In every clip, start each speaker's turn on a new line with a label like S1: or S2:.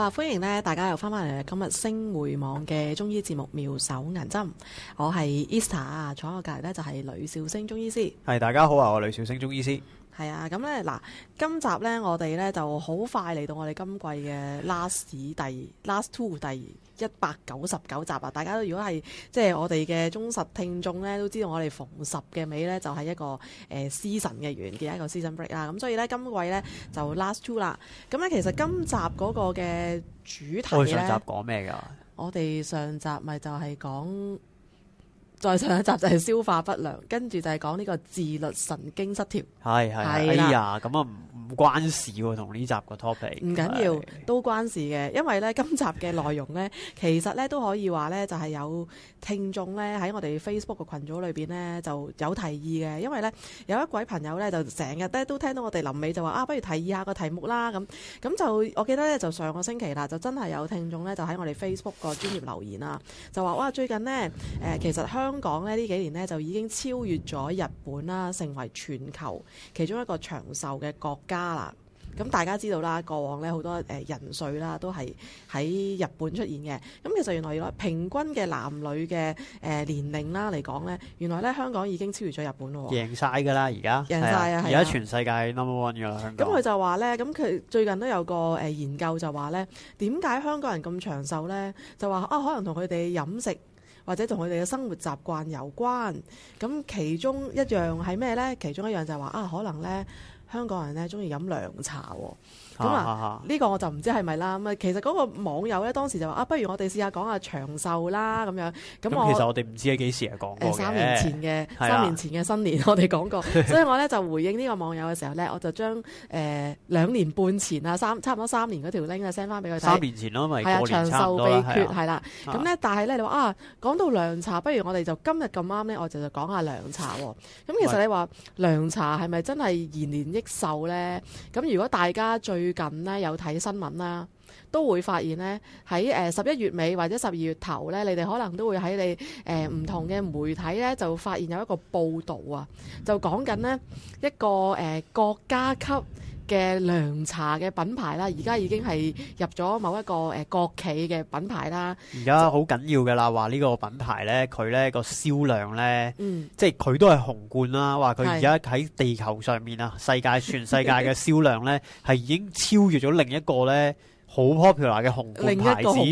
S1: 啊！歡迎咧，大家又翻返嚟今日星匯網嘅中醫節目《妙手銀針》，我係 Easter，坐喺我隔離咧就係呂少星中醫師。
S2: 係大家好啊，我係呂少星中醫師。
S1: 係啊，咁咧嗱，今集咧我哋咧就好快嚟到我哋今季嘅 last，第二 last two 第二。一百九十九集啊！大家都如果係即係我哋嘅忠實聽眾咧，都知道我哋逢十嘅尾咧就係、是、一個誒 season 嘅完結嘅一個 season break 啦。咁所以咧今季咧就 last two 啦。咁咧其實今集嗰個嘅主題咧，我哋上集講咩噶？我哋上集咪就係講。再上一集就係消化不良，跟住就係講呢個自律神經失調。
S2: 係係，係哎呀，咁啊唔唔關事喎，同呢集個 topic。唔緊
S1: 要，都關事嘅，因為呢，今集嘅內容呢，其實呢都可以話呢，就係、係、有聽眾呢喺我哋 Facebook 個群組裏邊呢就有提議嘅，因為呢，有一位朋友呢，就成日呢都聽到我哋臨尾就話啊，不如提議下個題目啦咁。咁就我記得呢，就上個星期啦，就真係有聽眾呢，就喺我哋 Facebook 個專業留言啦，就話哇最近呢，誒、呃、其實香。香港咧呢幾年咧就已經超越咗日本啦，成為全球其中一個長壽嘅國家啦。咁大家知道啦，過往咧好多誒人瑞啦，都係喺日本出現嘅。咁其實原來原來平均嘅男女嘅誒年齡啦嚟講咧，原來咧香港已經超越咗日本咯。贏
S2: 晒㗎啦！而家贏晒啊！而家、啊、全世界 number one 㗎啦！香港。咁
S1: 佢就話咧，咁佢最近都有個誒研究就話咧，點解香港人咁長壽咧？就話啊，可能同佢哋飲食。或者同佢哋嘅生活習慣有關，咁其中一樣係咩呢？其中一樣就係話啊，可能呢香港人呢中意飲涼茶喎。
S2: 咁啊，呢個
S1: 我就唔知係咪啦。咁啊，其實嗰個網友咧當時就話：啊，不如我哋試下講下長壽啦，咁樣。咁我其實我
S2: 哋唔知喺幾時係講過。誒，三年前嘅三年前
S1: 嘅新年，我哋講過。所以我咧就回應呢個網友嘅時候咧，我就將誒兩年半前啊，三差唔多三年嗰條 link 啊 send 翻俾佢睇。三年
S2: 前咯，咪係啊，長壽秘訣係啦。咁咧，
S1: 但係咧你話啊，講到涼茶，不如我哋就今日咁啱咧，我就就講下涼茶喎。咁其實你話涼茶係咪真係延年益壽咧？咁如果大家最最近呢，有睇新聞啦，都會發現呢喺誒十一月尾或者十二月頭呢，你哋可能都會喺你誒唔同嘅媒體呢，就發現有一個報導啊，就講緊呢一個誒國家級。嘅涼茶嘅品牌啦，而家已經係入咗某一個誒、呃、國企嘅品牌啦。
S2: 而家好緊要㗎喇，話呢個品牌咧，佢咧個銷量咧，嗯、即係佢都係紅冠啦。話佢而家喺地球上面啊，是世界全世界嘅銷量咧，係 已經超越咗另一個咧。好 popular 嘅紅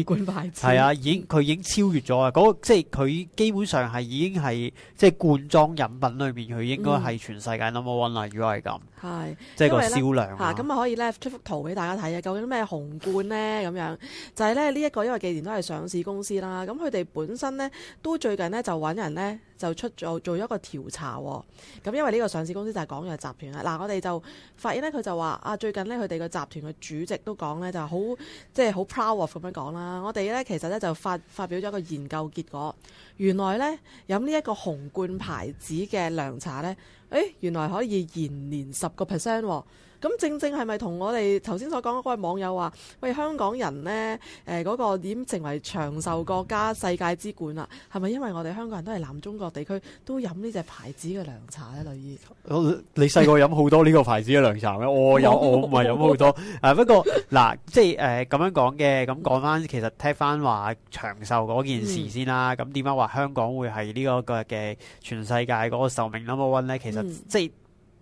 S2: 罐牌子，係啊，已經佢已經超越咗啊！嗰個 即係佢基本上係已經係即係罐裝飲品裏面，佢應該係全世界 number one 啦。如果係咁，
S1: 係、嗯、即係是個銷量嚇咁啊，可以咧出幅圖俾大家睇啊！究竟咩紅罐咧咁 樣？就係、是、咧呢一、這個，因為既然都係上市公司啦。咁佢哋本身咧都最近咧就揾人咧。 就出咗做一個調查、哦，咁因為呢個上市公司就係廣藥集團啦。嗱，我哋就發現呢，佢就話啊，最近呢，佢哋個集團嘅主席都講、就係、呢，就係好即係好 proud 咁樣講啦。我哋呢其實呢，就發發表咗一個研究結果，原來呢，飲呢一個紅罐牌子嘅涼茶呢，誒、哎、原來可以延年十個 percent。哦咁正正係咪同我哋頭先所講嗰位網友話：喂，香港人呢，誒、呃、嗰、那個點成為長壽國家、世界之冠啊？係咪因為我哋香港人都係南中國地區都飲呢隻牌子嘅涼茶咧？女醫、
S2: 嗯呃，你細個飲好多呢個牌子嘅涼茶咩？ 我有我唔係飲好多。誒、 啊、不過嗱，即係誒咁樣講嘅，咁講翻其實聽翻話長壽嗰件事先啦。咁點解話香港會係呢、這個嘅全世界嗰個壽命 number one 呢？其實即係。嗯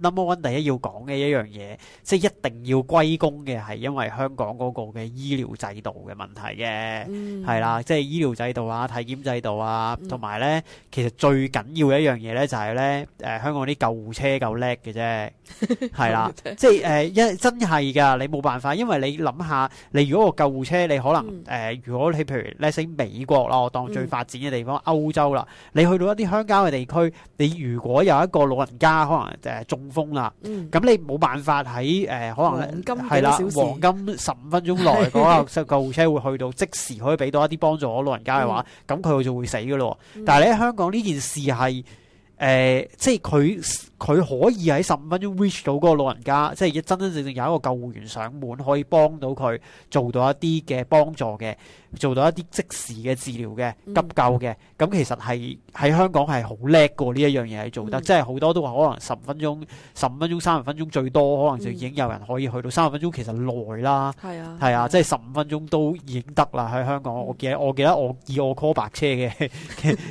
S2: Number one，第一要講嘅一樣嘢，即係一定要歸功嘅係因為香港嗰個嘅醫療制度嘅問題嘅，係啦，即係醫療制度啊、體檢制度啊，同埋咧，其實最緊要嘅一樣嘢咧就係咧，誒香港啲救護車夠叻嘅啫，係啦，即係誒一真係㗎，你冇辦法，因為你諗下，你如果個救護車你可能誒，如果你譬如你喺美國啦，當最發展嘅地方，歐洲啦，你去到一啲鄉郊嘅地區，你如果有一個老人家可能誒重，封啦，咁、嗯、你冇辦法喺誒、呃，可能係啦，黃金十五分鐘內嗰個救護車會去到， 即時可以俾到一啲幫助。我老人家嘅話，咁佢、嗯、就會死噶咯。嗯、但係你喺香港呢件事係誒、呃，即係佢。佢可以喺十五分鐘 reach 到嗰個老人家，即係真真正正有一個救護員上門，可以幫到佢做到一啲嘅幫助嘅，做到一啲即時嘅治療嘅、嗯、急救嘅。咁、嗯、其實係喺香港係好叻過呢一樣嘢係做得，嗯、即係好多都話可能十五分鐘、十五分鐘、三十分鐘最多，可能就已經有人可以去到三十分鐘。其實耐啦，係、嗯、啊，係啊，啊啊即係十五分鐘都已經得啦。喺香港，嗯、我記得我記得我以我 call 白車嘅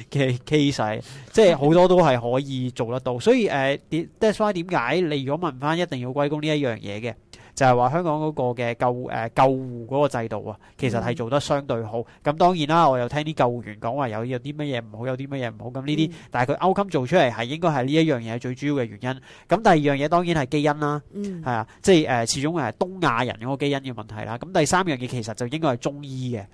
S2: 嘅 case，是 即係好多都係可以做得到。所以誒。呃 That's why, 點解？你如果問翻，一定要歸功呢一樣嘢嘅，就係、是、話香港嗰個嘅救誒、呃、救護嗰個制度啊，其實係做得相對好。咁、嗯、當然啦，我又聽啲救護員講話有有啲乜嘢唔好，有啲乜嘢唔好。咁呢啲，嗯、但係佢歐襟做出嚟係應該係呢一樣嘢最主要嘅原因。咁第二樣嘢當然係基因啦，係、嗯、啊，即係誒、呃、始終係東亞人嗰個基因嘅問題啦。咁第三樣嘢其實就應該係中醫嘅。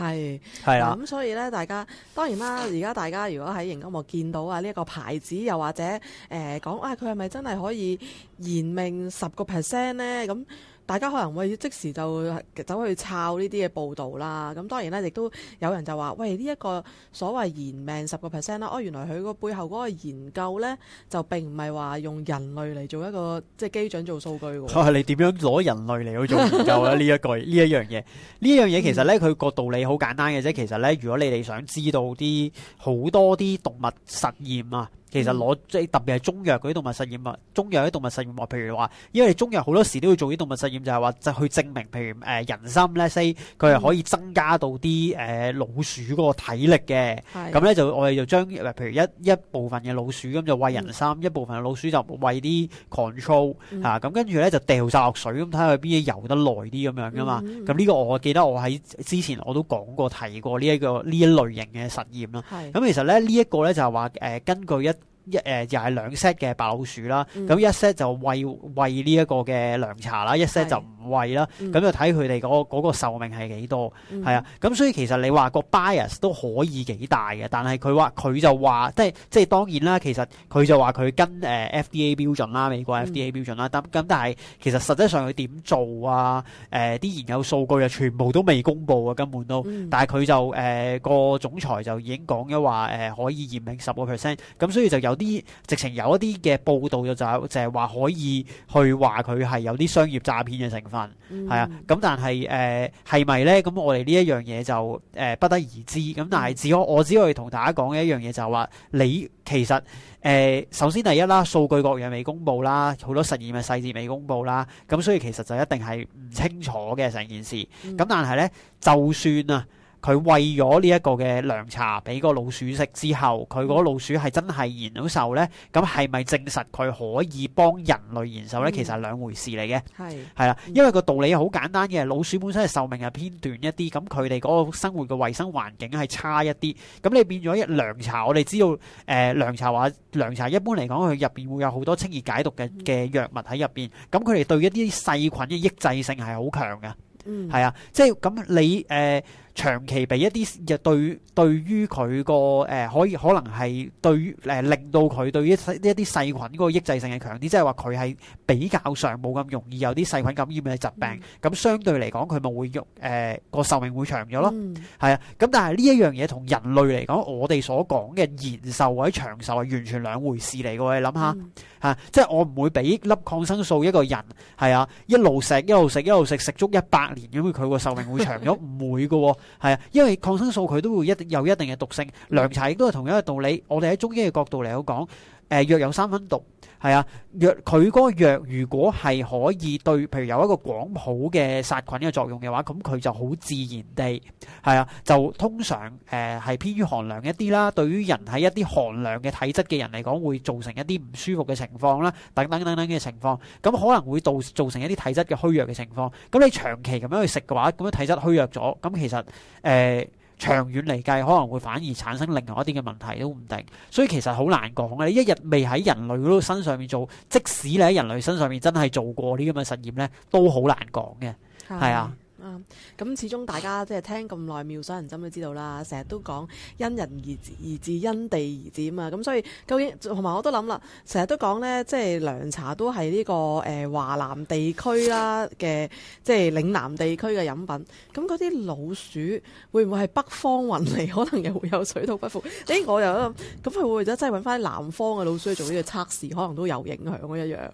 S2: 係係啦，咁是的、嗯、
S1: 所以咧，大家當然啦，而家大家如果喺螢光幕見到啊，呢一個牌子又或者誒講、呃、啊，佢係咪真係可以延命十個 percent 咧？咁。嗯大家可能會即時就走去抄呢啲嘅報道啦，咁當然咧，亦都有人就話：喂，呢、這、一個所謂延命十個 percent 啦，哦，原來佢個背後嗰個研究呢，就並唔係話用人類嚟做一個即係基準做數據喎。係、啊、你
S2: 點樣攞人類嚟去做研究咧？呢一句呢一樣嘢，呢樣嘢其實呢，佢個道理好簡單嘅啫。其實呢，如果你哋想知道啲好多啲動物實驗啊～其實攞即係特別係中藥嗰啲動物實驗啊。中藥啲動物實驗啊，譬如話，因為中藥好多時都要做啲動物實驗，就係話就去證明，譬如誒、呃、人參咧 say 佢係可以增加到啲誒、呃、老鼠嗰個體力嘅。係、嗯。咁咧就我哋就將譬如一一部分嘅老鼠咁就餵人參，一部分嘅老鼠就餵啲 control 嚇，咁跟住咧就掉晒落水，咁睇下佢邊啲游得耐啲咁樣噶嘛。咁呢、嗯嗯、個我記得我喺之前我都講過提過呢、這、一個呢一類型嘅實驗啦。係。咁其實咧呢一個咧就係話誒根據一一誒、呃、又係兩 set 嘅白老鼠啦，咁、嗯、一 set 就餵餵呢一個嘅涼茶啦，一 set 就唔餵啦，咁、嗯、就睇佢哋嗰嗰個壽命係幾多，係、嗯、啊，咁所以其實你話個 bias 都可以幾大嘅，但係佢話佢就話即係即係當然啦，其實佢就話佢跟誒 FDA 標準啦，美國 FDA 標準啦，咁咁、嗯、但係其實實際上佢點做啊？誒啲現有數據又全部都未公布啊，根本都，但係佢就誒個、呃、總裁就已經講咗話誒可以延命十個 percent，咁所以就有。啲直情有一啲嘅報道就就係話可以去話佢係有啲商業詐騙嘅成分，係、嗯、啊，咁但係誒係咪咧？咁、呃、我哋呢一樣嘢就誒、呃、不得而知。咁但係只可我，我只可以同大家講嘅一樣嘢就係話，你其實誒、呃、首先第一啦，數據各樣未公布啦，好多實驗嘅細節未公布啦，咁所以其實就一定係唔清楚嘅成件事。咁、嗯、但係咧，就算啊～佢餵咗呢一個嘅涼茶俾個老鼠食之後，佢嗰老鼠係真係延到壽咧？咁係咪證實佢可以幫人類延壽咧？其實係兩回事嚟嘅。係係啦，因為個道理好簡單嘅，老鼠本身嘅壽命係偏短一啲，咁佢哋嗰個生活嘅衞生環境係差一啲。咁你變咗一涼茶，我哋知道誒、呃、涼茶話涼茶一般嚟講，佢入邊會有好多清熱解毒嘅嘅藥物喺入邊。咁佢哋對一啲細菌嘅抑制性係好強嘅。嗯，係啊，即係咁你誒。呃長期俾一啲日對對於佢個誒，可以可能係對誒、呃，令到佢對於一一啲細菌嗰個抑制性係強啲，即係話佢係比較上冇咁容易有啲細菌感染嘅疾病。咁、嗯、相對嚟講，佢咪會誒個壽命會長咗咯？係、嗯、啊。咁但係呢一樣嘢同人類嚟講，我哋所講嘅延壽或者長壽係完全兩回事嚟嘅喎。你諗下嚇、嗯啊，即係我唔會俾粒抗生素一個人係啊一路食一路食一路食食足一百年，咁佢個壽命會長咗唔會㗎喎。 係啊，因為抗生素佢都會一有一定嘅毒性，涼茶亦都係同樣嘅道理。我哋喺中醫嘅角度嚟講，誒、呃，藥有三分毒。係啊，若佢嗰個藥如果係可以對，譬如有一個廣譜嘅殺菌嘅作用嘅話，咁佢就好自然地係啊，就通常誒係、呃、偏於寒涼一啲啦。對於人喺一啲寒涼嘅體質嘅人嚟講，會造成一啲唔舒服嘅情況啦，等等等等嘅情況，咁可能會造造成一啲體質嘅虛弱嘅情況。咁你長期咁樣去食嘅話，咁樣體質虛弱咗，咁其實誒，呃長遠嚟計，可能會反而產生另外一啲嘅問題都唔定，所以其實好難講嘅。你一日未喺人類度身上面做，即使你喺人類身上面真係做過呢啲咁嘅實驗咧，都好難講嘅，係啊的。
S1: 啊，咁、嗯、始終大家即係聽咁耐《妙手銀針》都知道啦，成日都講因人而止而至，因地而至啊嘛，咁、嗯、所以究竟同埋我都諗啦，成日都講呢，即係涼茶都係呢、這個誒、呃、華南地區啦嘅，即係嶺南地區嘅飲品。咁嗰啲老鼠會唔會係北方運嚟？可能又會有水土不服。誒， 我又諗咁佢會唔會真係揾翻南方嘅老鼠去做呢個測試？可能都有影響嘅一樣。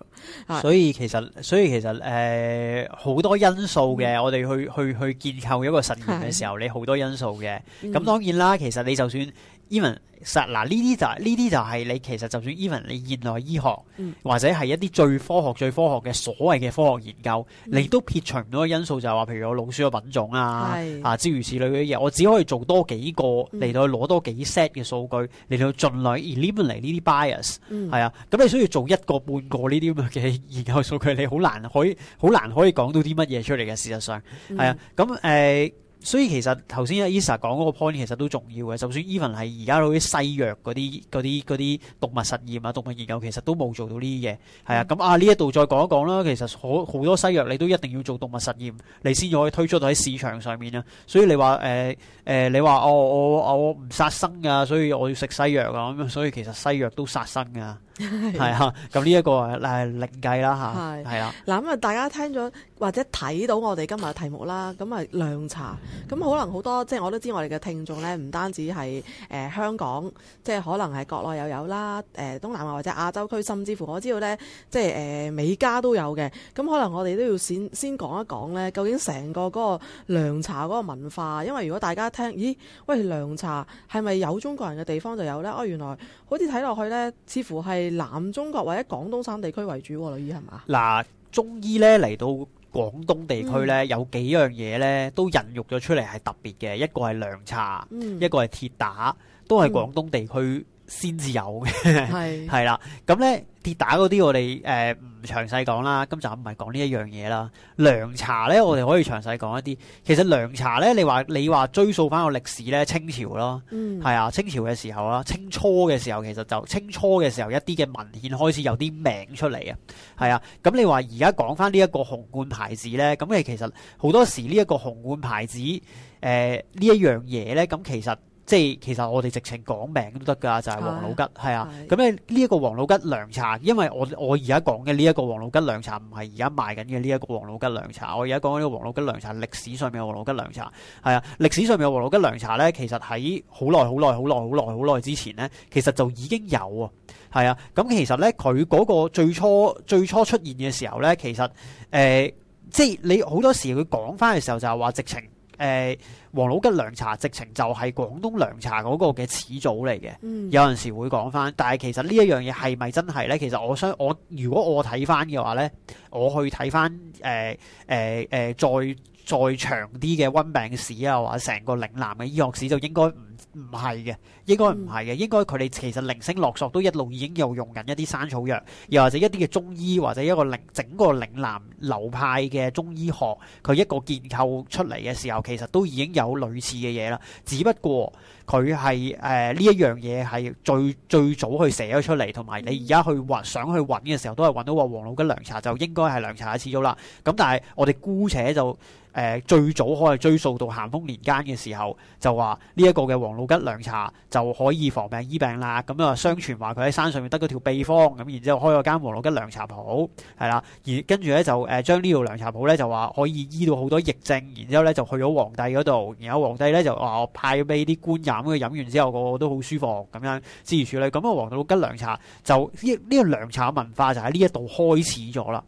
S1: 所以其
S2: 實，所以其實誒好、呃、多因素嘅，我哋去。去去去建構一個實驗嘅時候，是的 你好多因素嘅，咁、嗯、當然啦，其實你就算。even 實嗱呢啲就係，呢啲就係你其實就算 even 你現代醫學，嗯、或者係一啲最科學最科學嘅所謂嘅科學研究，嗯、你都撇除唔到嘅因素就係話，譬如我老鼠嘅品種啊，是啊諸如此類嘅嘢，我只可以做多幾個嚟到攞多幾 set 嘅數據，嚟到盡量 eliminate 呢啲 bias，係、嗯、啊，咁你需要做一個半個呢啲咁嘅研究數據，你好難可以好難可以講到啲乜嘢出嚟嘅，事實上，係啊、嗯，咁誒、嗯。嗯。所以其實頭先阿 Isa 講嗰個 point 其實都重要嘅，就算 even 係而家嗰啲西藥嗰啲啲啲動物實驗啊、動物研究其實都冇做到呢啲嘢，係啊，咁啊呢一度再講一講啦。其實好好多西藥你都一定要做動物實驗，你先可以推出到喺市場上面啊。所以你話誒誒，你話、哦、我我我唔殺生㗎，所以我要食西藥啊，咁所以其實西藥都殺生㗎。係啊，咁呢一個誒歷計啦吓，係啦。
S1: 嗱咁啊，大家聽咗或者睇到我哋今日嘅題目啦，咁啊涼茶，咁可能好多即係我都知我哋嘅聽眾呢，唔單止係誒香港，即係可能係國內又有啦，誒東南亞或者亞洲區，甚至乎我知道呢，即係誒美加都有嘅。咁可能我哋都要先先講一講呢，究竟成個嗰個涼茶嗰個文化，因為如果大家聽，咦喂，涼茶係咪有中國人嘅地方就有呢？哦，原來好似睇落去呢，似乎係。南中國或者廣東省地區為主咯，依係嘛？
S2: 嗱，中醫呢嚟到廣東地區呢，嗯、有幾樣嘢呢都孕育咗出嚟係特別嘅。一個係涼茶，嗯、一個係鐵打，都係廣東地區、嗯。先至才有嘅 是的，係係啦，咁咧跌打嗰啲我哋誒唔詳細講啦，今集唔係講呢一樣嘢啦。涼茶咧，我哋可以詳細講一啲。其實涼茶咧，你話你話追溯翻個歷史咧，清朝咯，係啊、嗯，清朝嘅時候啦，清初嘅時候其實就清初嘅時候一啲嘅文獻開始有啲名出嚟啊，係啊。咁你話而家講翻呢一個紅罐牌子咧，咁你其實好多時呢一個紅罐牌子誒、呃、呢一樣嘢咧，咁其實。即係其實我哋直情講名都得㗎，就係、是、王老吉，係啊，啊。咁咧呢一個王老吉涼茶，因為我我而家講嘅呢一個王老吉涼茶，唔係而家賣緊嘅呢一個王老吉涼茶。我而家講嘅呢個王老吉涼茶，歷史上面嘅王老吉涼茶，係啊，歷史上面嘅王老吉涼茶咧，其實喺好耐好耐好耐好耐好耐之前咧，其實就已經有啊。係、嗯、啊，咁其實咧，佢嗰個最初最初出現嘅時候咧，其實誒、呃，即係你好多時佢講翻嘅時候就係話直情。誒、呃、王老吉涼茶直情就係廣東涼茶嗰個嘅始祖嚟嘅，嗯、有陣時會講翻。但係其實呢一樣嘢係咪真係呢？其實我想我如果我睇翻嘅話呢，我去睇翻誒誒誒再再長啲嘅溫病史啊，或成個嶺南嘅醫學史，就應該唔。唔係嘅，應該唔係嘅，應該佢哋其實零星落索都一路已經有用緊一啲山草藥，又或者一啲嘅中醫或者一個整個嶺南流派嘅中醫學，佢一個建構出嚟嘅時候，其實都已經有類似嘅嘢啦。只不過佢係誒呢一樣嘢係最最早去寫咗出嚟，同埋你而家去話想去揾嘅時候，都係揾到話王老吉涼茶就應該係涼茶嘅始祖啦。咁但係我哋姑且就誒、呃、最早可以追溯到咸豐年間嘅時候，就話呢一個嘅。王老吉涼茶就可以防病醫病啦，咁啊相傳話佢喺山上面得咗條秘方，咁然之後開咗間王老吉涼茶鋪，係啦，而跟住咧就誒將呢條涼茶鋪咧就話可以醫到好多疫症，然之後咧就去咗皇帝嗰度，然後皇帝咧就話我派俾啲官飲，佢飲完之後個，個都好舒服，咁樣治而處理，咁啊王老吉涼茶就呢呢、呢個涼茶文化就喺呢一度開始咗啦，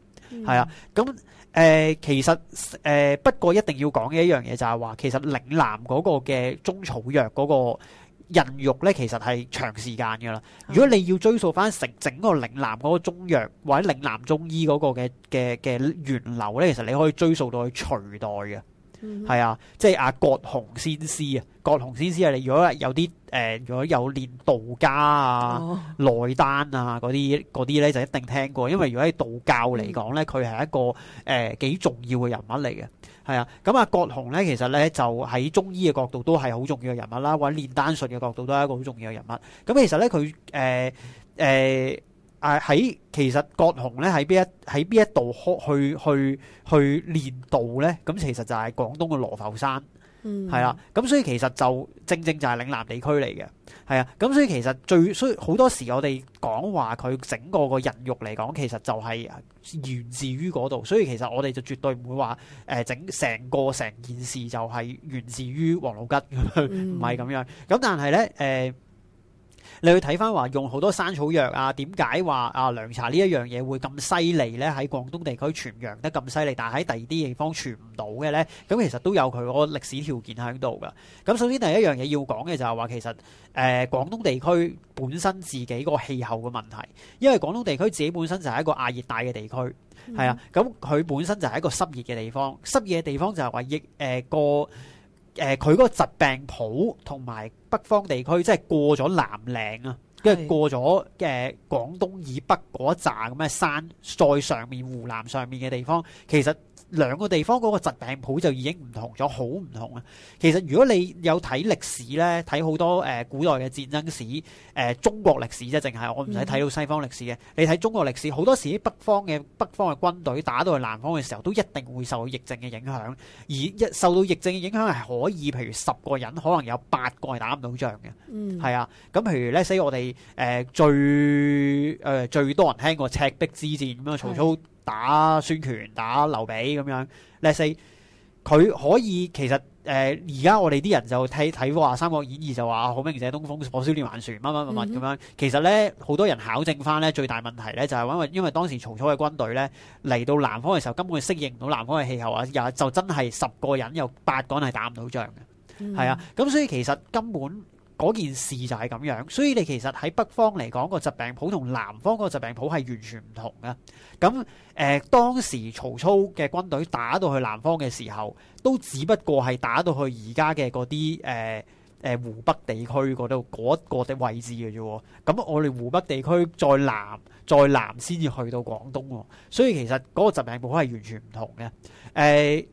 S2: 係啊，咁、嗯。誒、呃，其實誒、呃，不過一定要講嘅一樣嘢就係話，其實嶺南嗰個嘅中草藥嗰個孕育咧，其實係長時間噶啦。如果你要追溯翻成整,整個嶺南嗰個中藥或者嶺南中醫嗰個嘅嘅嘅源流咧，其實你可以追溯到去隋代嘅。係 啊，即係阿葛洪先師啊，葛洪先師啊，你如果有啲誒、呃，如果有練道家啊、哦、內丹啊嗰啲嗰啲咧，就一定聽過，因為如果喺道教嚟講咧，佢係、嗯、一個誒幾、呃、重要嘅人物嚟嘅，係啊。咁、嗯、啊，葛洪咧，其實咧就喺中醫嘅角度都係好重要嘅人物啦，或者練丹術嘅角度都係一個好重要嘅人物。咁、嗯、其實咧，佢誒誒。呃呃呃誒喺、啊、其實葛洪咧喺邊一喺邊一度去去去煉道咧？咁其實就係廣東嘅羅浮山，係啦、嗯。咁、啊、所以其實就正正就係嶺南地區嚟嘅，係啊。咁所以其實最所以好多時我哋講話佢整個個人肉嚟講，其實就係源自於嗰度。所以其實我哋就絕對唔會話誒、呃、整成個成件事就係源自於王老吉，唔係咁樣。咁、嗯、但係咧誒。呃你去睇翻話用好多山草藥啊？點解話啊涼茶呢一樣嘢會咁犀利呢？喺廣東地區傳揚得咁犀利，但係喺第二啲地方傳唔到嘅呢？咁其實都有佢個歷史條件喺度㗎。咁首先第一樣嘢要講嘅就係話其實誒、呃、廣東地區本身自己個氣候嘅問題，因為廣東地區自己本身就係一個亞熱帶嘅地區，係、嗯、啊，咁佢本身就係一個濕熱嘅地方，濕熱嘅地方就係話疫誒個。呃誒佢嗰個疾病譜同埋北方地區，即係過咗南嶺啊，跟住是過咗嘅、呃、廣東以北嗰一紮咁嘅山，再上面湖南上面嘅地方，其實。兩個地方嗰個疾病譜就已經唔同咗，好唔同啊！其實如果你有睇歷史呢，睇好多誒、呃、古代嘅戰爭史，誒、呃、中國歷史啫，淨係我唔使睇到西方歷史嘅。嗯、你睇中國歷史，好多時北方嘅北方嘅軍隊打到去南方嘅時候，都一定會受到疫症嘅影響。而一受到疫症嘅影響，係可以，譬如十個人可能有八個係打唔到仗嘅。嗯，係啊。咁譬如呢，所以我哋誒、呃、最誒、呃、最多人聽過赤壁之戰咁啊，曹操是。打孫權、打劉備咁樣，第四佢可以其實誒，而、呃、家我哋啲人就睇睇話《三國演義》，就話好明顯東風火燒連環船，乜乜乜乜咁樣。其實咧，好多人考證翻咧，最大問題咧就係、是、因為因為當時曹操嘅軍隊咧嚟到南方嘅時候，根本適應唔到南方嘅氣候啊！又就真係十個人有八個人係打唔到仗嘅，係、嗯、啊！咁所以其實根本。嗰件事就係咁樣，所以你其實喺北方嚟講個疾病譜同南方個疾病譜係完全唔同嘅。咁誒、呃、當時曹操嘅軍隊打到去南方嘅時候，都只不過係打到去而家嘅嗰啲誒誒湖北地區嗰度嗰個嘅位置嘅啫。咁我哋湖北地區再南再南先至去到廣東，哦，所以其實嗰個疾病譜係完全唔同嘅。誒、呃、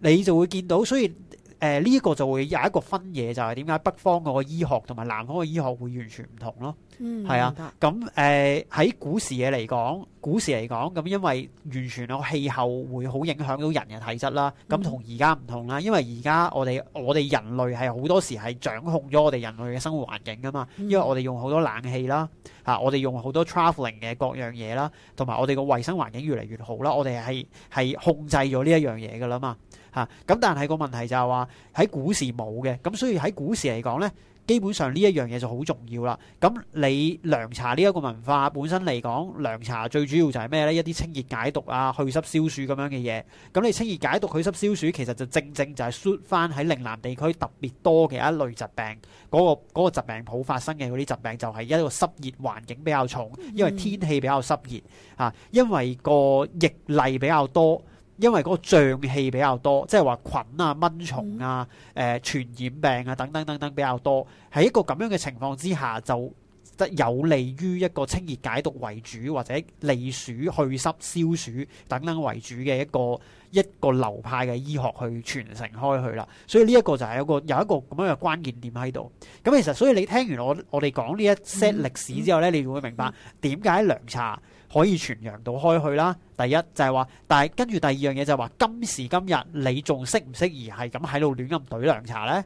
S2: 你就會見到，雖然……誒呢個就會有一個分野，就係點解北方嗰個醫學同埋南方嘅醫學會完全唔同咯。嗯，係啊。咁誒喺古時嘢嚟講，古時嚟講，咁因為完全個氣候會好影響到人嘅體質啦。咁同而家唔同啦，因為而家我哋我哋人類係好多時係掌控咗我哋人類嘅生活環境噶嘛。因為我哋用好多冷氣啦，嚇我哋用好多 travelling 嘅各樣嘢啦，同埋我哋個衞生環境越嚟越好啦。我哋係係控制咗呢一樣嘢噶啦嘛。嚇！咁但係個問題就係話喺古時冇嘅，咁所以喺古時嚟講呢基本上呢一樣嘢就好重要啦。咁你涼茶呢一個文化本身嚟講，涼茶最主要就係咩呢？一啲清熱解毒啊、去濕消暑咁樣嘅嘢。咁你清熱解毒、去濕消暑，其實就正正就係縮翻喺嶺南地區特別多嘅一類疾病嗰、嗰個嗰個疾病譜發生嘅嗰啲疾病，就係一個濕熱環境比較重，因為天氣比較濕熱啊，嗯、因為個疫例比較多。因為嗰個瘴氣比較多，即係話菌啊、蚊蟲啊、誒、呃、傳染病啊等等等等比較多，喺一個咁樣嘅情況之下，就得有利於一個清熱解毒為主，或者利暑去濕消暑等等為主嘅一個一個流派嘅醫學去傳承開去啦。所以呢一個就係一個有一個咁樣嘅關鍵點喺度。咁其實，所以你聽完我我哋講呢一些歷史之後呢，你會明白點解涼茶。可以傳揚到開去啦。第一就係話，但係跟住第二樣嘢就係話，今時今日你仲適唔適宜係咁喺度亂咁攰涼茶呢？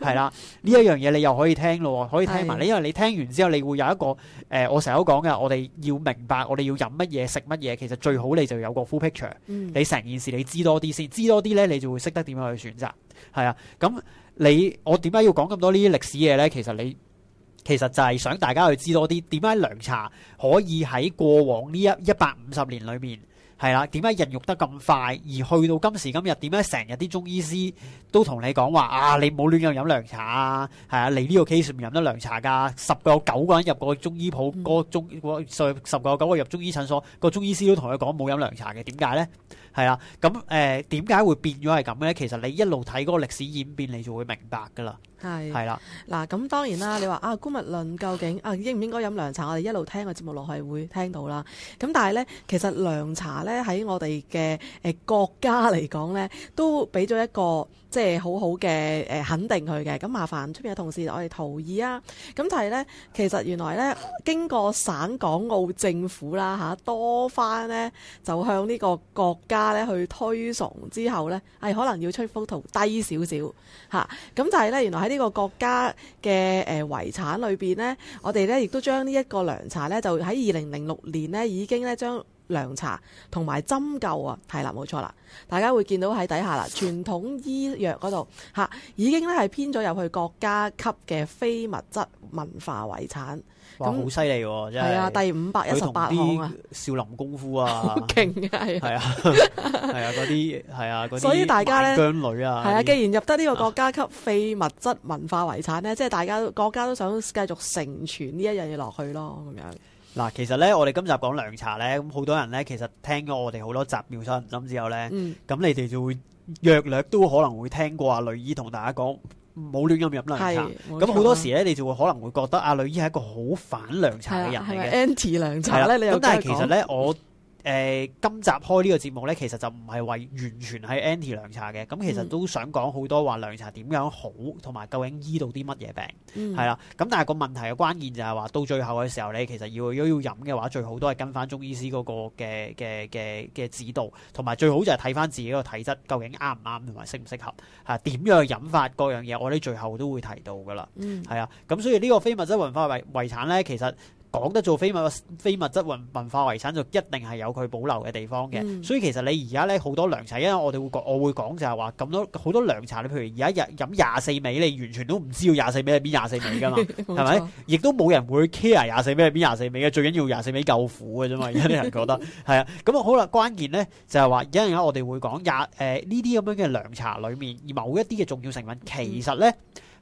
S2: 係啦， 呢一樣嘢你又可以聽咯，可以聽埋。你因為你聽完之後，你會有一個誒、呃，我成日都講嘅，我哋要明白，我哋要飲乜嘢食乜嘢，其實最好你就有個 full picture。嗯、你成件事你知多啲先，知多啲呢，你就會識得點樣去選擇。係啊，咁、嗯嗯、你我點解要講咁多呢啲歷史嘢呢？其實你。其實就係想大家去知多啲，點解涼茶可以喺過往呢一一百五十年裏面，係啦，點解孕育得咁快而去到今時今日？點解成日啲中醫師都同你講話啊？你冇亂咁飲涼茶啊？係啊，嚟呢個 case 唔飲得涼茶噶，十個九個人入過中、嗯、個中醫鋪、個中十十個九個人入中醫診所、個中醫師都同佢講冇飲涼茶嘅，點解呢？」係啦，咁誒點解會變咗係咁呢？其實你一路睇嗰個歷史演變，你就會明白噶啦。
S1: 係係啦，嗱咁的當然啦，你話啊，姑勿論究竟啊應唔應該飲涼茶？我哋一路聽個節目落去會聽到啦。咁但係呢，其實涼茶呢，喺我哋嘅誒國家嚟講呢，都俾咗一個。即係好好嘅誒，肯定佢嘅。咁麻煩出邊嘅同事，我哋同意啊。咁就係呢，其實原來呢，經過省港澳政府啦嚇，多番呢就向呢個國家呢去推崇之後呢，誒可能要出幅圖低少少嚇。咁、啊、就係呢，原來喺呢個國家嘅誒遺產裏邊呢，我哋呢亦都將呢一個涼茶呢，就喺二零零六年呢已經呢將。將涼茶同埋針灸啊，係啦、啊，冇錯啦，大家會見到喺底下啦，傳統醫藥嗰度吓，已經咧係編咗入去國家級嘅非物質文化遺產，咁好
S2: 犀利喎，真係啊，第五百一十八項啊，少林功夫啊，好
S1: 勁嘅係啊，係、嗯、
S2: 啊，嗰啲係啊，啊 所以大家咧，姜女啊，係啊，既然
S1: 入得呢個國家級非物質文化遺產咧，啊、 即係大家國家都想繼續承傳呢一樣嘢落去咯，
S2: 咁樣。嗱，其實咧，我哋今集講涼茶咧，咁好多人咧，其實聽咗我哋好多集妙生咁之後咧，咁、嗯、你哋就會略略都可能會聽過阿女伊同大家講唔好亂咁飲涼茶。咁好、啊、多時咧，你就會可能會覺得阿女伊係一個好反涼茶嘅人嚟嘅。Anti 涼茶係啦，咁、啊啊、但係其實咧，我。 誒、呃，今集開呢個節目咧，其實就唔係為完全係 anti 涼茶嘅，咁、嗯、其實都想講好多話涼茶點樣好，同埋究竟醫到啲乜嘢病，係啦、嗯。咁但係個問題嘅關鍵就係話，到最後嘅時候咧，你其實要如果要飲嘅話，最好都係跟翻中醫師嗰個嘅嘅嘅嘅指導，同埋最好就係睇翻自己個體質究竟啱唔啱，同埋適唔適合啊？點、嗯、樣飲法，各樣嘢我哋最後都會提到噶啦，係啊、嗯。咁所以呢個非物質文化遺遺產咧，其實～講得做非物非物質文文化遺產，就一定係有佢保留嘅地方嘅。嗯、所以其實你而家咧好多涼茶，因為我哋會講，我會講就係話咁多好多涼茶，你譬如而家日飲廿四味，你完全都唔知要廿四味係邊廿四味㗎嘛，係咪 錯？亦都冇人會 care 廿四味係邊廿四味嘅，最緊要廿四味夠苦嘅啫嘛。而家啲人覺得係啊，咁 好啦，關鍵咧就係話一陣間我哋會講廿誒呢啲咁樣嘅涼茶裡面某一啲嘅重要成分，嗯、其實咧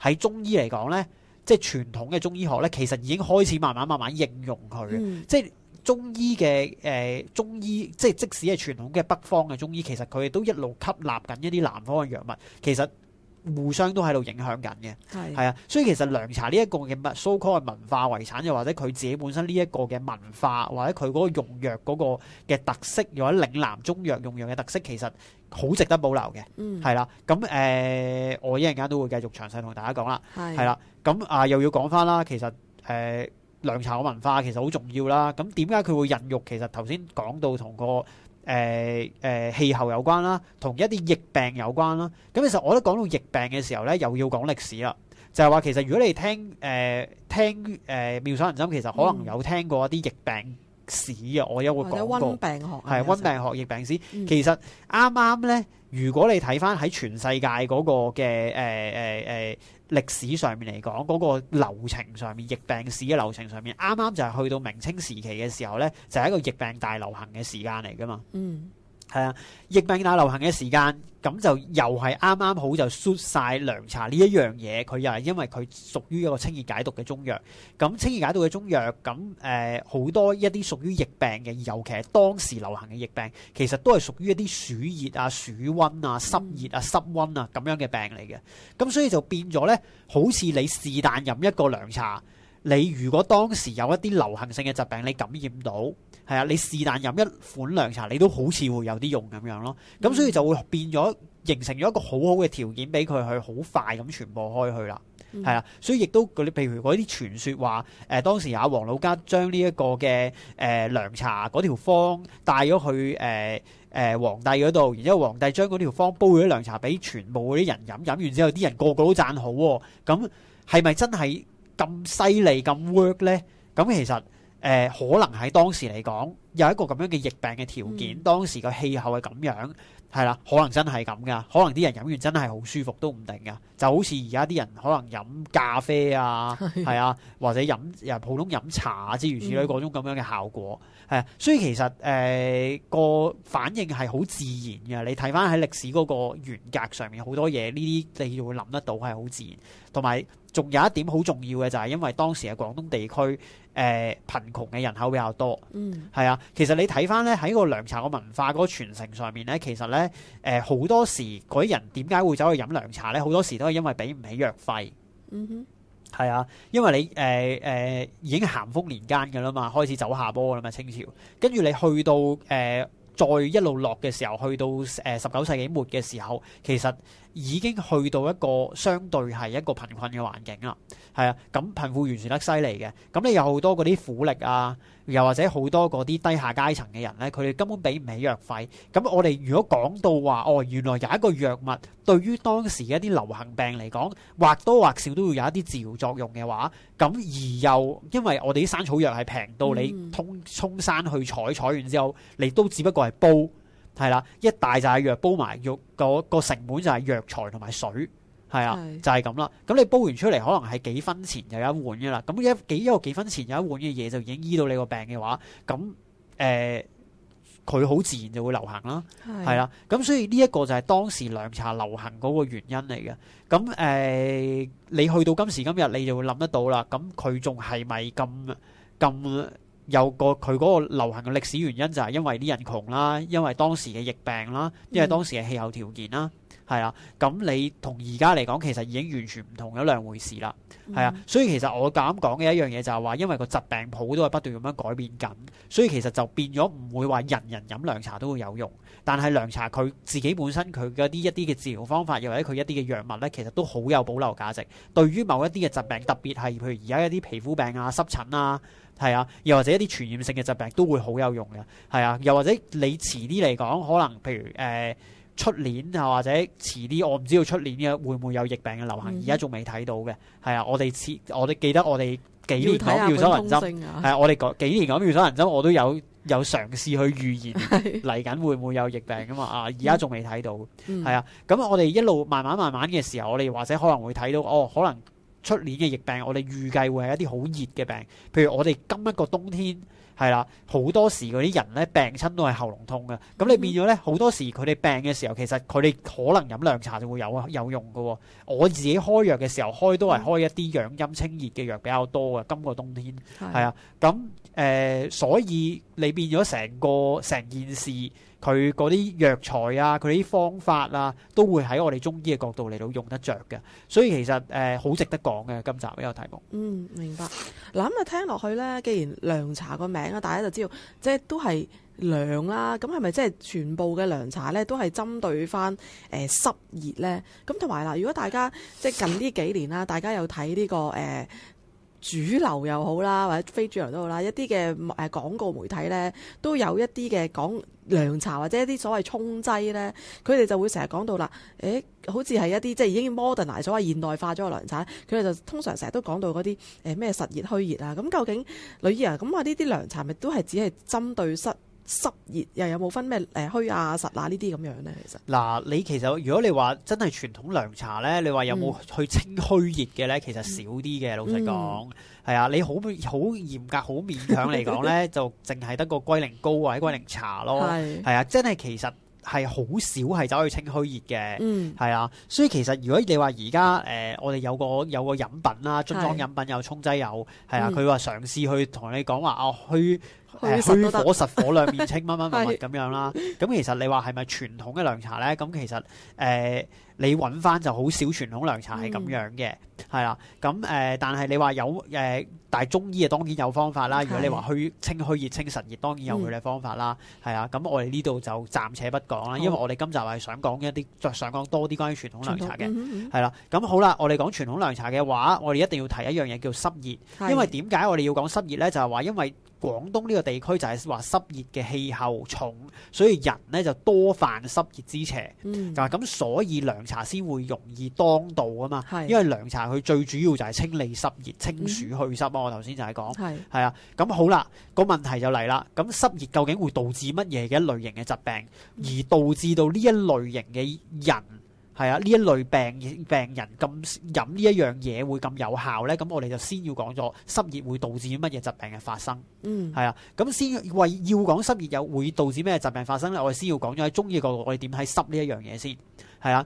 S2: 喺中醫嚟講咧。即係傳統嘅中醫學咧，其實已經開始慢慢慢慢應用佢。即係中醫嘅誒、呃，中醫即係即使係傳統嘅北方嘅中醫，其實佢哋都一路吸納緊一啲南方嘅藥物。其實。互相都喺度影響緊嘅，係係是啊，所以其實涼茶呢一個嘅所謂嘅文化遺產，又或者佢自己本身呢一個嘅文化，或者佢嗰個用藥嗰個嘅特色，又或者嶺南中藥用藥嘅特色，其實好值得保留嘅，係啦、嗯。咁誒、啊呃，我一陣間都會繼續詳細同大家講啦，係啦是。咁啊、呃，又要講翻啦。其實誒、呃，涼茶嘅文化其實好重要啦。咁點解佢會孕育？其實頭先講到同、那個。誒誒、呃呃、氣候有關啦，同一啲疫病有關啦。咁其實我都講到疫病嘅時候咧，又要講歷史啦。就係、是、話其實如果你聽誒、呃、聽誒、呃、妙手銀針，其實可能有聽過一啲疫病史嘅，嗯、我有會講過。或者瘟病
S1: 學係瘟病學
S2: 疫病史。其實啱啱咧，如果你睇翻喺全世界嗰個嘅誒誒誒。呃呃呃呃歷史上面嚟講，嗰個流程上面疫病史嘅流程上面，啱啱就係去到明清時期嘅時候呢，就係一個疫病大流行嘅時間嚟噶嘛。嗯。係啊，疫病大流行嘅時間，咁就又係啱啱好就 suit 晒涼茶呢一樣嘢。佢又係因為佢屬於一個清熱解毒嘅中藥。咁清熱解毒嘅中藥，咁誒好多一啲屬於疫病嘅，尤其係當時流行嘅疫病，其實都係屬於一啲暑熱啊、暑温啊、濕熱啊、濕温啊咁樣嘅病嚟嘅。咁所以就變咗咧，好似你是但飲一個涼茶。你如果當時有一啲流行性嘅疾病，你感染到，係啊，你是但飲一款涼茶，你都好似會有啲用咁樣咯。咁所以就會變咗，形成咗一個好好嘅條件，俾佢去好快咁傳播開去啦。係啊，所以亦都譬如嗰啲傳説話，誒、呃、當時阿王老吉將呢一個嘅誒、呃、涼茶嗰條方帶咗去誒誒、呃呃、皇帝嗰度，然之後皇帝將嗰條方煲咗涼茶俾全部嗰啲人飲，飲完之後啲人個個都讚好、哦。咁係咪真係？咁犀利咁 work 咧，咁其實誒、呃、可能喺當時嚟講有一個咁樣嘅疫病嘅條件，當時個氣候係咁樣，係啦，可能真係咁噶，可能啲人飲完真係好舒服都唔定噶，就好似而家啲人可能飲咖啡啊，係啊， 或者飲普通飲茶諸如此類嗰種咁樣嘅效果，係啊，所以其實誒、呃、個反應係好自然嘅，你睇返喺歷史嗰個沿革上面好多嘢，呢啲你就會諗得到係好自然。同埋，仲有一點好重要嘅就係，因為當時喺廣東地區，誒、呃、貧窮嘅人口比較多，嗯，係啊。其實你睇翻咧，喺個涼茶個文化嗰個傳承上面咧，其實咧，誒、呃、好多時嗰啲人點解會走去飲涼茶咧？好多時都係因為俾唔起藥費，嗯哼，係啊，因為你誒誒、呃呃、已經咸豐年間㗎啦嘛，開始走下坡啦嘛，清朝，跟住你去到誒、呃再一路落嘅時候，去到誒十九世紀末嘅時候，其實已經去到一個相對係一個貧困嘅環境啦。係啊，咁貧富懸殊得犀利嘅，咁你有好多嗰啲苦力啊，又或者好多嗰啲低下階層嘅人咧，佢哋根本俾唔起藥費，咁我哋如果講到話哦，原來有一個藥物對於當時一啲流行病嚟講或多或少都會有一啲治療作用嘅話，咁而又因為我哋啲山草藥係平到你通衝山去採採完之後，你都只不過。煲係啦，一大扎藥煲埋肉，嗰、那個成本就係藥材同埋水，係啊，就係咁啦。咁是你煲完出嚟，可能係幾分錢就一碗噶啦。咁一幾一個幾分錢一碗嘅嘢，就已經醫到你個病嘅話，咁誒，佢、呃、好自然就會流行啦。係是啦，咁所以呢一個就係當時涼茶流行嗰個原因嚟嘅。咁誒、呃，你去到今時今日，你就會諗得到啦。咁佢仲係咪咁咁？有個佢嗰個流行嘅歷史原因，就係因為啲人窮啦，因為當時嘅疫病啦，因為當時嘅氣候條件啦，係啊、嗯，咁你同而家嚟講，其實已經完全唔同咗兩回事啦。係啊，嗯、所以其實我敢講嘅一樣嘢就係話，因為個疾病譜都係不斷咁樣改變緊，所以其實就變咗唔會話人人飲涼茶都會有用。但係涼茶佢自己本身佢嘅啲一啲嘅治療方法，又或者佢一啲嘅藥物咧，其實都好有保留價值。對於某一啲嘅疾病，特別係譬如而家一啲皮膚病啊、濕疹啊。係啊，又或者一啲傳染性嘅疾病都會好有用嘅。係啊，又或者你遲啲嚟講，可能譬如誒出、呃、年啊，或者遲啲，我唔知道出年嘅會唔會有疫病嘅流行？而家仲未睇到嘅。係啊，我哋切，我哋記得我哋幾年講妙手銀針，係啊、啊，我哋講幾年講妙手銀針，我都有有嘗試去預言嚟緊 會唔會有疫病噶嘛？啊，而家仲未睇到，係、嗯嗯、啊。咁我哋一路慢慢慢慢嘅時候，我哋或者可能會睇到，哦，可能。出年嘅疫病，我哋預計會係一啲好熱嘅病，譬如我哋今一個冬天係啦，好多時嗰啲人咧病親都係喉嚨痛嘅，咁你變咗咧好多時佢哋病嘅時候，其實佢哋可能飲涼茶就會有啊有用嘅、哦。我自己開藥嘅時候開都係開一啲養陰清熱嘅藥比較多嘅。今個冬天係、嗯、啊，咁誒、啊呃，所以你變咗成個成件事。佢嗰啲藥材啊，佢啲方法啊，都會喺我哋中醫嘅角度嚟到用得着嘅，所以其實誒好、呃、值得講嘅今集呢個題目。嗯，
S1: 明白。嗱咁啊、嗯、聽落去呢，既然涼茶個名啊，大家就知道，即係都係涼啦、啊。咁係咪即係全部嘅涼茶呢，都係針對翻誒、呃、濕熱呢？咁同埋啦，如果大家即係近呢幾年啦， 大家有睇呢、呢個誒？呃主流又好啦，或者非主流都好啦，一啲嘅誒廣告媒體咧，都有一啲嘅，講涼茶或者一啲所謂沖劑咧，佢哋就會成日講到啦，誒、哎、好似係一啲即係已經 modernize 所謂現代化咗嘅涼茶，佢哋就通常成日都講到嗰啲誒咩實熱虛熱啊，咁究竟女醫啊，咁啊呢啲涼茶咪都係只係針對濕？濕熱又有冇分咩誒虛啊、實啊呢啲咁樣咧？其實
S2: 嗱，你其實如果你話真係傳統涼茶咧，你話、嗯、有冇去清虛熱嘅咧？其實少啲嘅，嗯、老實講，係、嗯、啊，你好好嚴格好勉強嚟講咧， 就淨係得個龜苓膏或者龜苓茶咯，係是 啊，真係其實係好少係走去清虛熱嘅，嗯，係啊，所以其實如果你話而家誒，我哋有個有個飲品啦，樽裝飲品有沖劑又係啊，佢話嘗試去同你講話哦，去。系火、 實火兩面清，乜乜物物咁樣啦。咁其實你話係咪傳統嘅涼茶呢？咁其實誒、呃、你揾翻就好少傳統涼茶係咁樣嘅，係啦、嗯。咁誒，但係你話有誒，但、呃、係中醫啊當然有方法啦。嗯、如果你話去清虛熱、清實熱，當然有佢嘅方法啦。係啊、嗯。咁我哋呢度就暫且不講啦，因為我哋今集係想講一啲，想講多啲關於傳統涼茶嘅。係啦、哦。咁、嗯嗯、好啦，我哋講傳統涼茶嘅話，我哋一定要提一樣嘢叫濕熱。的因為點解我哋要講濕熱呢？就係、是、話因為廣東呢個地區就係話濕熱嘅氣候重，所以人呢就多犯濕熱之邪。嗱咁、嗯啊、所以涼茶先會容易當道啊嘛。是因為涼茶佢最主要就係清理濕熱、清暑去濕、嗯、是啊。我頭先就係講，係啊。咁好啦，個問題就嚟啦。咁濕熱究竟會導致乜嘢嘅一類型嘅疾病，而導致到呢一類型嘅人？嗯係啊，呢一類病病人咁飲呢一樣嘢會咁有效咧？咁我哋就先要講咗濕熱會導致乜嘢疾病嘅發生？嗯，係啊，咁先為要講濕熱又會導致咩疾病發生咧？我哋先要講咗喺中醫角度，我哋點睇濕呢一樣嘢先，係啊，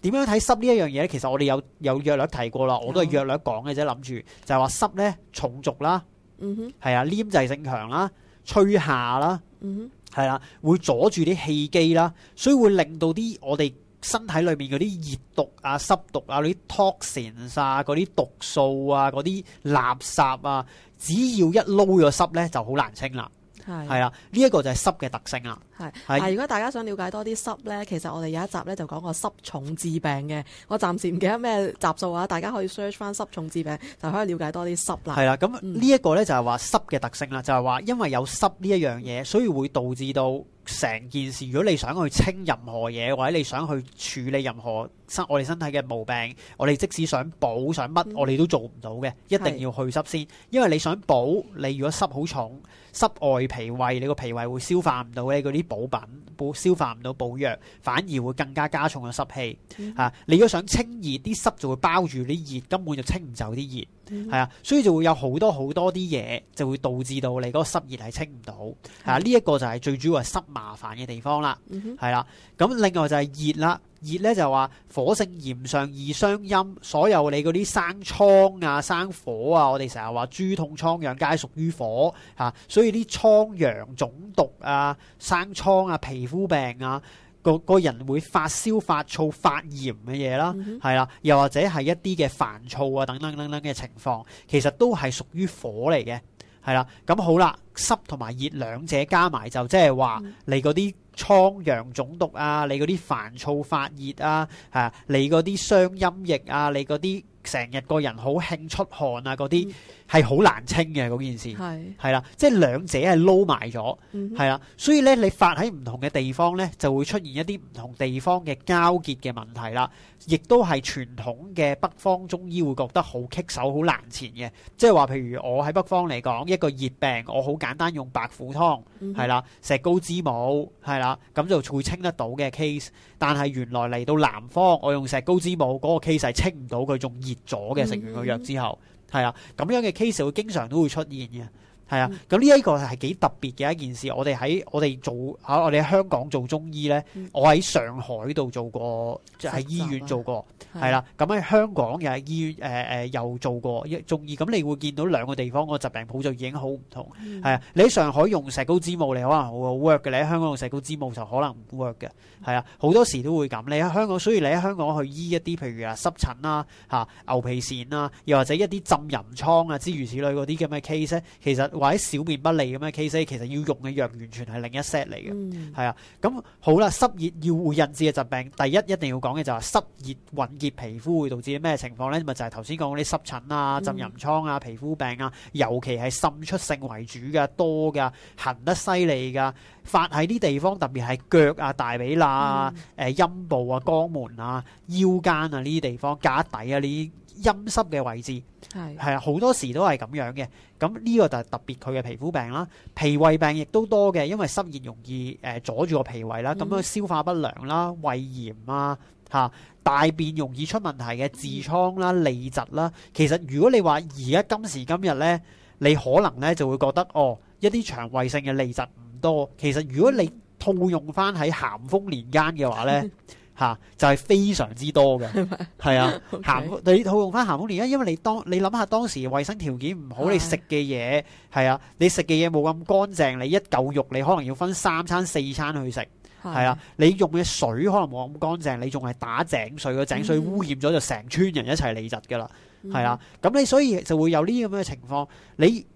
S2: 點樣睇濕呢一樣嘢咧？其實我哋有有約略提過啦，我都係約略講嘅啫，諗住就係話濕咧重濁啦，嗯哼啊，黏滯性強啦，趨下啦，嗯係哼啦、啊，會阻住啲氣機啦，所以會令到啲我哋。身體裏面嗰啲熱毒啊、濕毒啊、嗰啲 toxins 啊、嗰啲毒素啊、嗰啲垃圾啊，只要一撈咗濕咧，就好難清啦。係係啦，呢、這、一個就係濕嘅特性啦。
S1: 係係。如果大家想了解多啲濕咧，其實我哋有一集咧就講過濕重致病嘅，我暫時唔記得咩集數啊，大家可以 search 翻濕重致病，就可以了解多啲濕啦。係啦，咁呢
S2: 一個咧就係話濕嘅特性啦，就係、是、話因為有濕呢一樣嘢，所以會導致到。成件事，如果你想去清任何嘢，或者你想去處理任何身我哋身體嘅毛病，我哋即使想補想乜，我哋、嗯、都做唔到嘅。一定要去濕先，是因為你想補，你如果濕好重，濕外脾胃，你個脾胃會消化唔到咧嗰啲補品，補消化唔到補藥，反而會更加加重個濕氣、嗯、啊。你如果想清熱，啲濕就會包住啲熱，根本就清唔走啲熱。係啊，所以就會有好多好多啲嘢，就會導致到你嗰個濕熱係清唔到，吓，呢一個就係最主要係濕麻煩嘅地方啦，係啦、嗯哼。咁另外就係熱啦，熱咧就話火性炎上易傷陰，所有你嗰啲生瘡啊、生火啊，我哋成日話諸痛瘡癢皆屬於火吓、啊，所以啲瘡瘍腫毒啊、生瘡啊、皮膚病啊。個個人會發燒、發燥、發炎嘅嘢啦，係啦、嗯哼，又或者係一啲嘅煩燥啊，等等等等嘅情況，其實都係屬於火嚟嘅，係啦。咁好啦，濕同埋熱兩者加埋就即係話，嗯、你嗰啲瘡瘍腫毒啊，你嗰啲煩燥發熱啊，嚇，你嗰啲傷陰液啊，你嗰啲。成日個人好興出汗啊，嗰啲係好難清嘅嗰件事，係係啦，即係兩者係撈埋咗，係啦、嗯哼，所以咧你發喺唔同嘅地方咧，就會出現一啲唔同地方嘅交結嘅問題啦，亦都係傳統嘅北方中醫會覺得好棘手、好難纏嘅，即係話譬如我喺北方嚟講，一個熱病我好簡單用白虎湯係啦、嗯哼，石膏知母係啦，咁就會清得到嘅 case，但係原來嚟到南方，我用石膏知母嗰個 case 係清唔到，佢仲熱。咗嘅食完個藥之後，係啊、mm，咁、hmm，樣嘅 case 會經常都會出現嘅。係啊，咁呢一個係幾特別嘅一件事。我哋喺我哋做嚇，我哋喺香港做中醫咧，我喺上海度做過，即係醫院做過，係啦。咁喺香港又喺醫院誒誒又做過中醫。咁你會見到兩個地方個疾病譜就已經好唔同。係啊，你喺上海用石膏知母你可能好 work 嘅，你喺香港用石膏知母就可能唔 work 嘅。係啊，好多時都會咁。你喺香港，所以你喺香港去醫一啲譬如啊濕疹啊、嚇牛皮癬啊，又或者一啲浸淫瘡啊諸如此類嗰啲咁嘅 case，其實，或者小便不利咁嘅 case 其實要用嘅藥完全係另一 set 嚟嘅，係啊、嗯。咁好啦，濕熱要會引致嘅疾病，第一一定要講嘅就係濕熱鬱結皮膚會導致咩情況咧？咪就係頭先講嗰啲濕疹啊、浸淫瘡啊、皮膚病啊，尤其係滲出性為主嘅多㗎，痕得犀利㗎，發喺啲地方，特別係腳啊、大髀罅、啊、誒、嗯呃、陰部啊、肛門啊、腰間啊呢啲地方、夾底啊呢。陰濕嘅位置係啊，好是多時都係咁樣嘅。咁呢個就係特別佢嘅皮膚病啦，脾胃病亦都多嘅，因為濕熱容易誒、呃、阻住個脾胃啦。咁、嗯、樣消化不良啦、胃炎啊、吓大便容易出問題嘅痔瘡啦、痢疾、嗯、啦。其實如果你話而家今時今日呢，你可能呢就會覺得哦，一啲腸胃性嘅痢疾唔多。其實如果你套用翻喺鹹豐年間嘅話呢。嗯嗯啊！就係、是、非常之多嘅，係 啊，Okay. 你鹹你套用翻鹹豐年，因為你當你諗下當時衞生條件唔好，oh、你食嘅嘢係啊，你食嘅嘢冇咁乾淨，你一嚿肉你可能要分三餐四餐去食，係 啊，你用嘅水可能冇咁乾淨，你仲係打井水個井水污染咗就成村人一齊痢疾噶啦，係 啊，咁、嗯啊、你所以就會有呢啲咁嘅情況，你。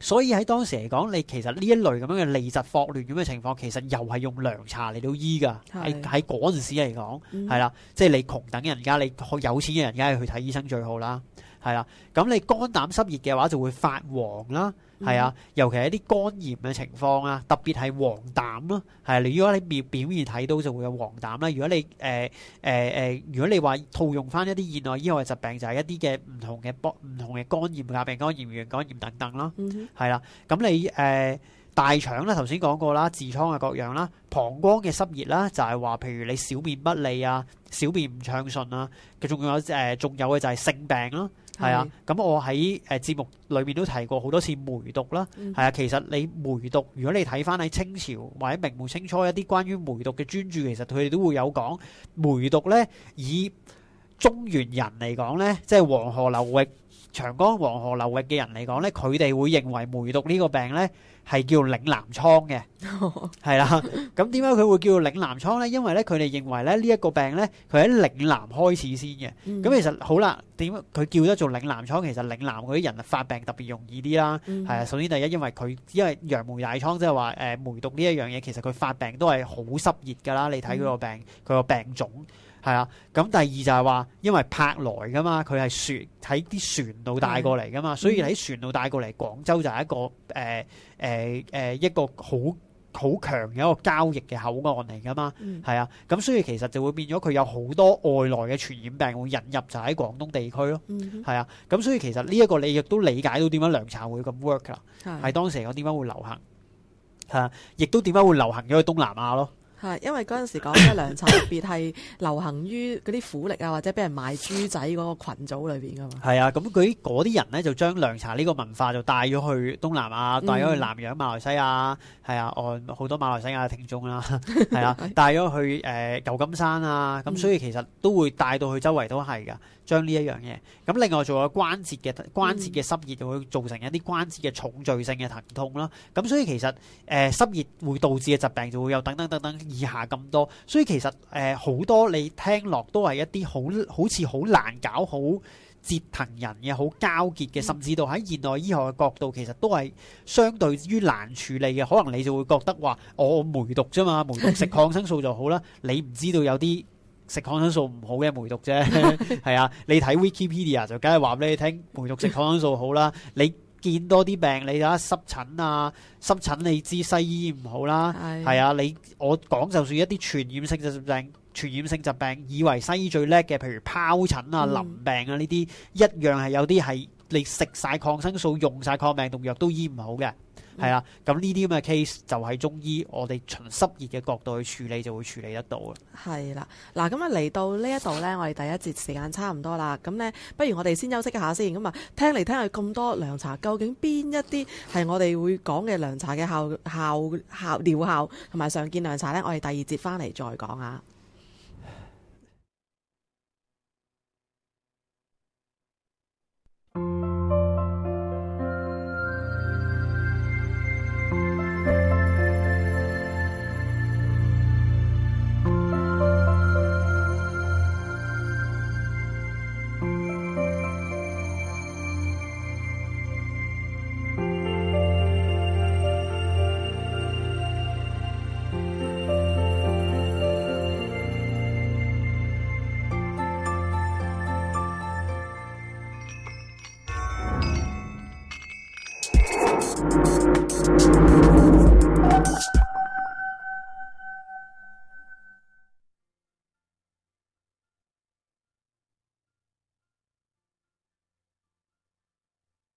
S2: 所以喺當時嚟講，你其實呢一類咁樣嘅痢疾霍亂咁嘅情況，其實又係用涼茶嚟到醫㗎。喺喺嗰陣時嚟講，係啦、嗯，即係你窮等人家，你有錢嘅人家去睇醫生最好啦。係啦，咁你肝膽濕熱嘅話，就會發黃啦。係啊，嗯、尤其係一啲肝炎嘅情況啊，特別係黃疸咯，係你如果你表表面睇到就會有黃疸啦。如果你誒誒誒，如果你話套用翻一啲現代醫學嘅疾病，就係、是、一啲嘅唔同嘅唔同嘅肝炎啊、病毒肝炎、乙型肝炎等等咯。嗯哼，係啦，咁你誒。呃大腸啦，頭先講過啦，痔瘡嘅各樣啦，膀胱嘅濕熱啦，就係話，譬如你小便不利啊，小便唔暢順啦，佢仲有誒，仲、呃、有嘅就係性病啦，係啊，咁我喺誒節目裏面都提過好多次梅毒啦，係啊、嗯，其實你梅毒，如果你睇翻喺清朝或者明末清初一啲關於梅毒嘅專著，其實佢哋都會有講梅毒咧，以中原人嚟講咧，即係黃河流域。長江黃河流域嘅人嚟講咧，佢哋會認為梅毒呢個病咧係叫嶺南瘡嘅，係啦。 咁點解佢會叫嶺南瘡咧？因為咧佢哋認為咧呢一個病咧佢喺嶺南開始先嘅。咁、嗯、其實好啦，點佢叫得做嶺南瘡？其實嶺南嗰啲人發病特別容易啲啦。係啊、嗯，首先第一，因為佢因為楊梅大瘡，即係話誒梅毒呢一樣嘢，其實佢發病都係好濕熱㗎啦。你睇佢個病，佢個、嗯、病，病種，係啊，咁第二就係話，因為舶來噶嘛，佢係船喺啲船度帶過嚟噶嘛，嗯、所以喺船度帶過嚟，廣州就係一個誒誒誒一個好好強嘅一個交易嘅口岸嚟噶嘛，係、嗯、啊，咁所以其實就會變咗佢有好多外來嘅傳染病會引入，就喺廣東地區咯，係、嗯、哼啊，咁所以其實呢一個你亦都理解到點解涼茶會咁 work 啦，係、嗯、哼當時嚟講點解會流行，啊，亦都點解會流行咗去東南亞咯。
S1: 係，因為嗰陣時講咧涼茶，特別係流行於嗰啲苦力啊，或者俾人賣豬仔嗰個羣組裏邊噶嘛。
S2: 係啊，咁佢嗰啲人咧就將涼茶呢個文化就帶咗去東南亞，帶咗去南洋馬來西亞，係啊，按好多馬來西亞嘅聽眾啦，係啊， 啊，帶咗去誒舊、呃、金山啊，咁所以其實都會帶到去周圍都係噶，嗯、將呢一樣嘢。咁另外仲有關節嘅關節嘅濕熱就會造成一啲關節嘅重聚性嘅疼痛啦。咁所以其實誒濕、呃、熱會導致嘅疾病就會有等等等等。以下咁多，所以其實誒好、呃、多你聽落都係一啲好好似好難搞、好折騰人嘅、好交結嘅，甚至到喺現代醫學嘅角度，其實都係相對於難處理嘅。可能你就會覺得話：我梅毒啫嘛，梅毒食抗生素就好啦。你唔知道有啲食抗生素唔好嘅梅毒啫，係啊。 你睇 Wikipedia 就梗係話俾你聽，梅毒食抗生素好啦。你見多啲病，你睇濕疹啊，濕疹你知西醫唔好啦，係的啊，你我講就算一啲傳染性疾病，傳染性疾病以為西醫最叻嘅，譬如皰疹啊、淋病啊呢啲、嗯，一樣係有啲係你食晒抗生素、用晒抗病毒藥都醫唔好嘅。係啦，咁呢啲咁嘅 case 就係、是、中醫，我哋從濕熱嘅角度去處理就會處理得到
S1: 啊。係啦，嗱，咁啊嚟到呢一度呢，我哋第一節時間差唔多啦，咁呢，不如我哋先休息一下先，咁啊，聽嚟聽去咁多涼茶，究竟邊一啲係我哋會講嘅涼茶嘅效效效療效同埋常見涼茶呢，我哋第二節翻嚟再講啊。